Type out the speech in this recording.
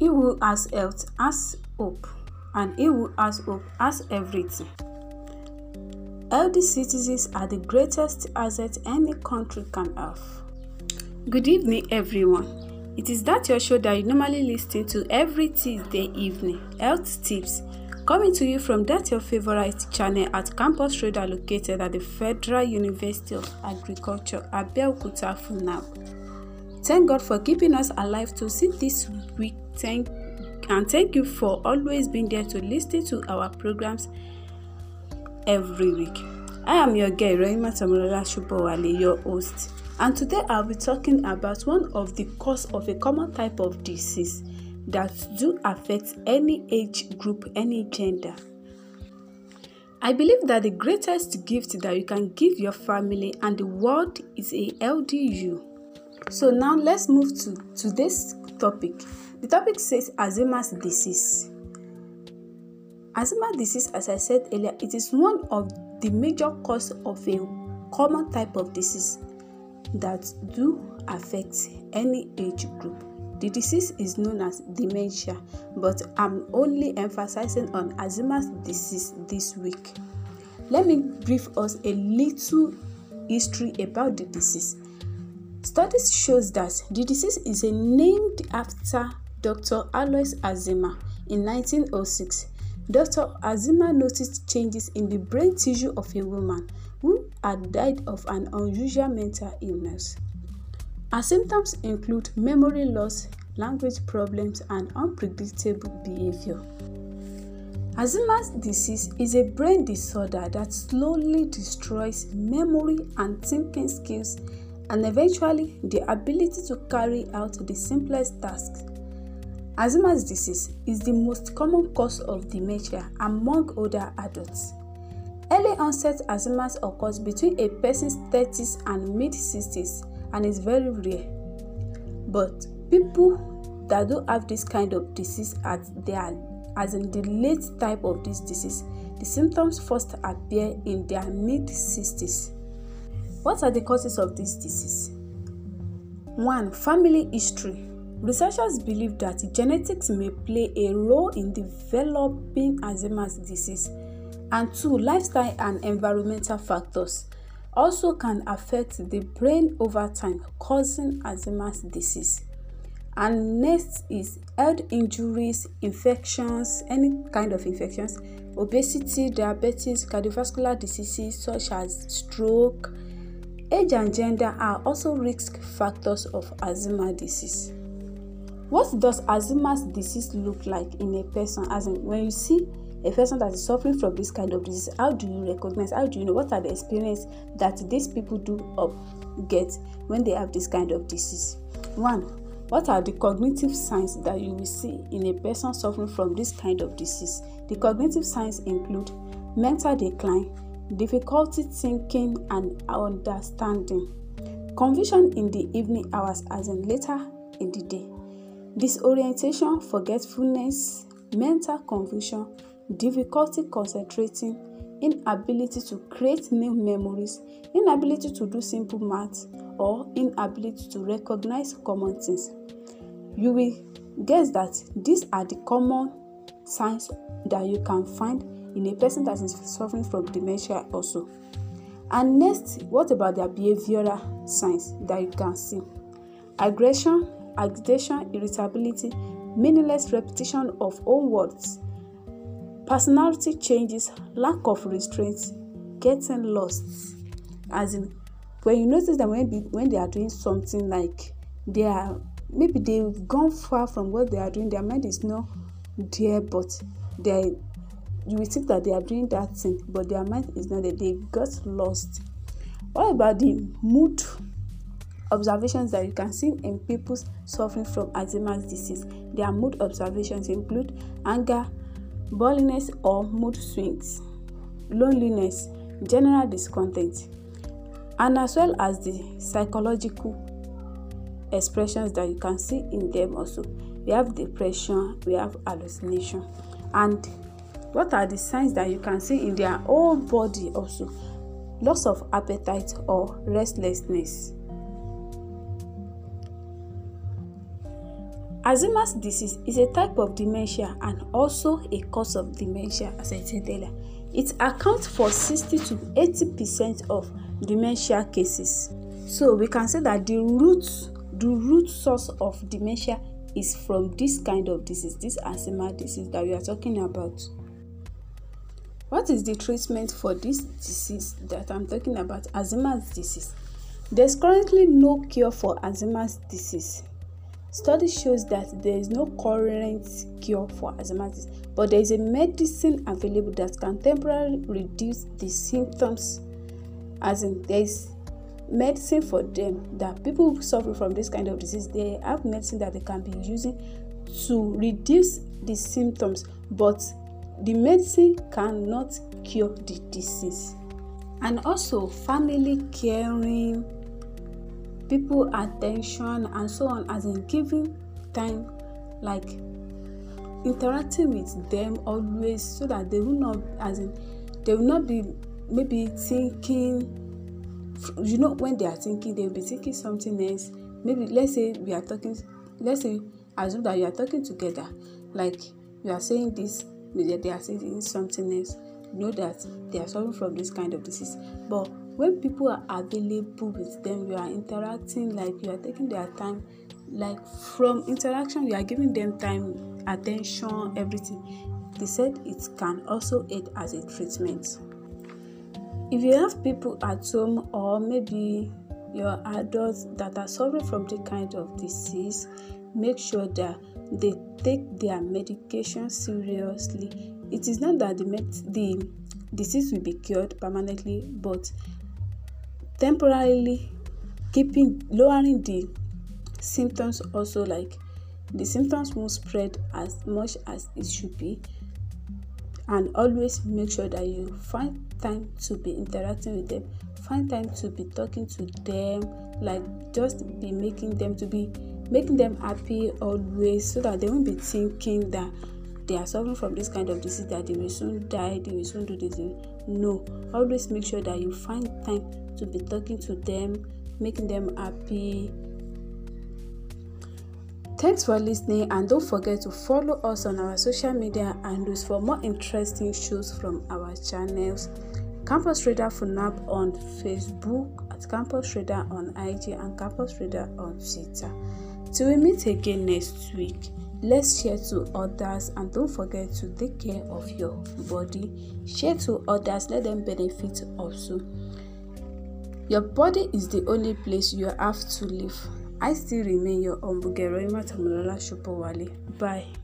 He who has health has hope, and he who has hope has everything. Healthy citizens are the greatest asset any country can have. Good evening, everyone. It is that your show that you normally listen to every Tuesday evening, Health Tips, coming to you from that your favorite channel at Campus Radar located at the Federal University of Agriculture, Abeokuta, Funab. Thank God for keeping us alive to see this week. Thank and thank you for always being there to listen to our programs every week. I am your girl Rahima Tamilola Shubowale, your host, and today I'll be talking about one of the cause of a common type of disease that do affect any age group, any gender. I believe that the greatest gift that you can give your family and the world is a LDU. So now let's move to today's topic. The topic says Alzheimer's disease. Alzheimer's disease, as I said earlier, it is one of the major causes of a common type of disease that do affect any age group. The disease is known as dementia, but I'm only emphasizing on Alzheimer's disease this week. Let me brief us a little history about the disease. Studies shows that the disease is named after Dr. Alois Azima in 1906. Dr. Azima noticed changes in the brain tissue of a woman who had died of an unusual mental illness. Her symptoms include memory loss, language problems, and unpredictable behavior. Alzheimer's disease is a brain disorder that slowly destroys memory and thinking skills and eventually the ability to carry out the simplest tasks. Alzheimer's disease is the most common cause of dementia among older adults. Early onset Alzheimer's occurs between a person's 30s and mid 60s and is very rare. But people that do have this kind of disease at their as in the late type of this disease, the symptoms first appear in their mid 60s. What are the causes of this disease? 1. Family history. Researchers believe that genetics may play a role in developing Alzheimer's disease, and 2. Lifestyle and environmental factors also can affect the brain over time, causing Alzheimer's disease. And next is health injuries, infections, any kind of infections, obesity, diabetes, cardiovascular diseases such as stroke, Age and gender are also risk factors of Alzheimer's disease. What does Alzheimer's disease look like in a person? As in, when you see a person that is suffering from this kind of disease, how do you recognize? How do you know what are the experience that these people do or get when they have this kind of disease? One, what are the cognitive signs that you will see in a person suffering from this kind of disease? The cognitive signs include mental decline, difficulty thinking and understanding, confusion in the evening hours as in later in the day, disorientation, forgetfulness, mental confusion, difficulty concentrating, inability to create new memories, inability to do simple math, or inability to recognize common things. You will guess that these are the common signs that you can find in a person that is suffering from dementia also. And next, what about their behavioral signs that you can see? Aggression, agitation, irritability, meaningless repetition of own words, personality changes, lack of restraint, getting lost. As in, when you notice that when, when they are doing something like they are maybe they've gone far from what they are doing, their mind is not there, but they you will think that they are doing that thing but their mind is not there they got lost what about the mood observations that you can see in people suffering from alzheimer's disease their mood observations include anger boldness or mood swings loneliness general discontent and as well as the psychological expressions that you can see in them also we have depression we have hallucination and what are the signs that you can see in their whole body also? Loss of appetite or restlessness. Alzheimer's disease is a type of dementia and also a cause of dementia, as I said earlier. It accounts for 60 to 80% of dementia cases. So we can say that the root, the root source of dementia is from this kind of disease, this Alzheimer's disease that we are talking about. What is the treatment for this disease that I'm talking about, Alzheimer's disease? There's currently no cure for Alzheimer's disease. Study shows that there is no current cure for Alzheimer's disease, but there is a medicine available that can temporarily reduce the symptoms. As in, there is medicine for them that people who suffer from this kind of disease they have medicine that they can be using to reduce the symptoms, but the medicine cannot cure the disease and also family caring people attention and so on as in giving time like interacting with them always so that they will not as in they will not be maybe thinking you know when they are thinking they will be thinking something else maybe let's say we are talking let's say assume that you are talking together like you are saying this that they are saying something else know that they are suffering from this kind of disease but when people are available with them you are interacting like you are taking their time like from interaction you are giving them time attention everything they said it can also aid as a treatment if you have people at home or maybe your adults that are suffering from the kind of disease make sure that they take their medication seriously. It is not that the, med- the disease will be cured permanently, but temporarily keeping lowering the symptoms also like the symptoms won't spread as much as it should be and always make sure that you find time to be interacting with them find time to be talking to them like just be making them to be making them happy always so that they won't be thinking that they are suffering from this kind of disease that they will soon die they will soon do this no always make sure that you find time to be talking to them making them happy Thanks for listening and don't forget to follow us on our social media and look for more interesting shows from our channels. Campus Radar nap on Facebook, at Campus Radar on IG, and Campus Radar on Twitter. Till we meet again next week, let's share to others and don't forget to take care of your body. Share to others, let them benefit also. Your body is the only place you have to live. I still remain your humble girl, Matamilola Shopowale. Bye.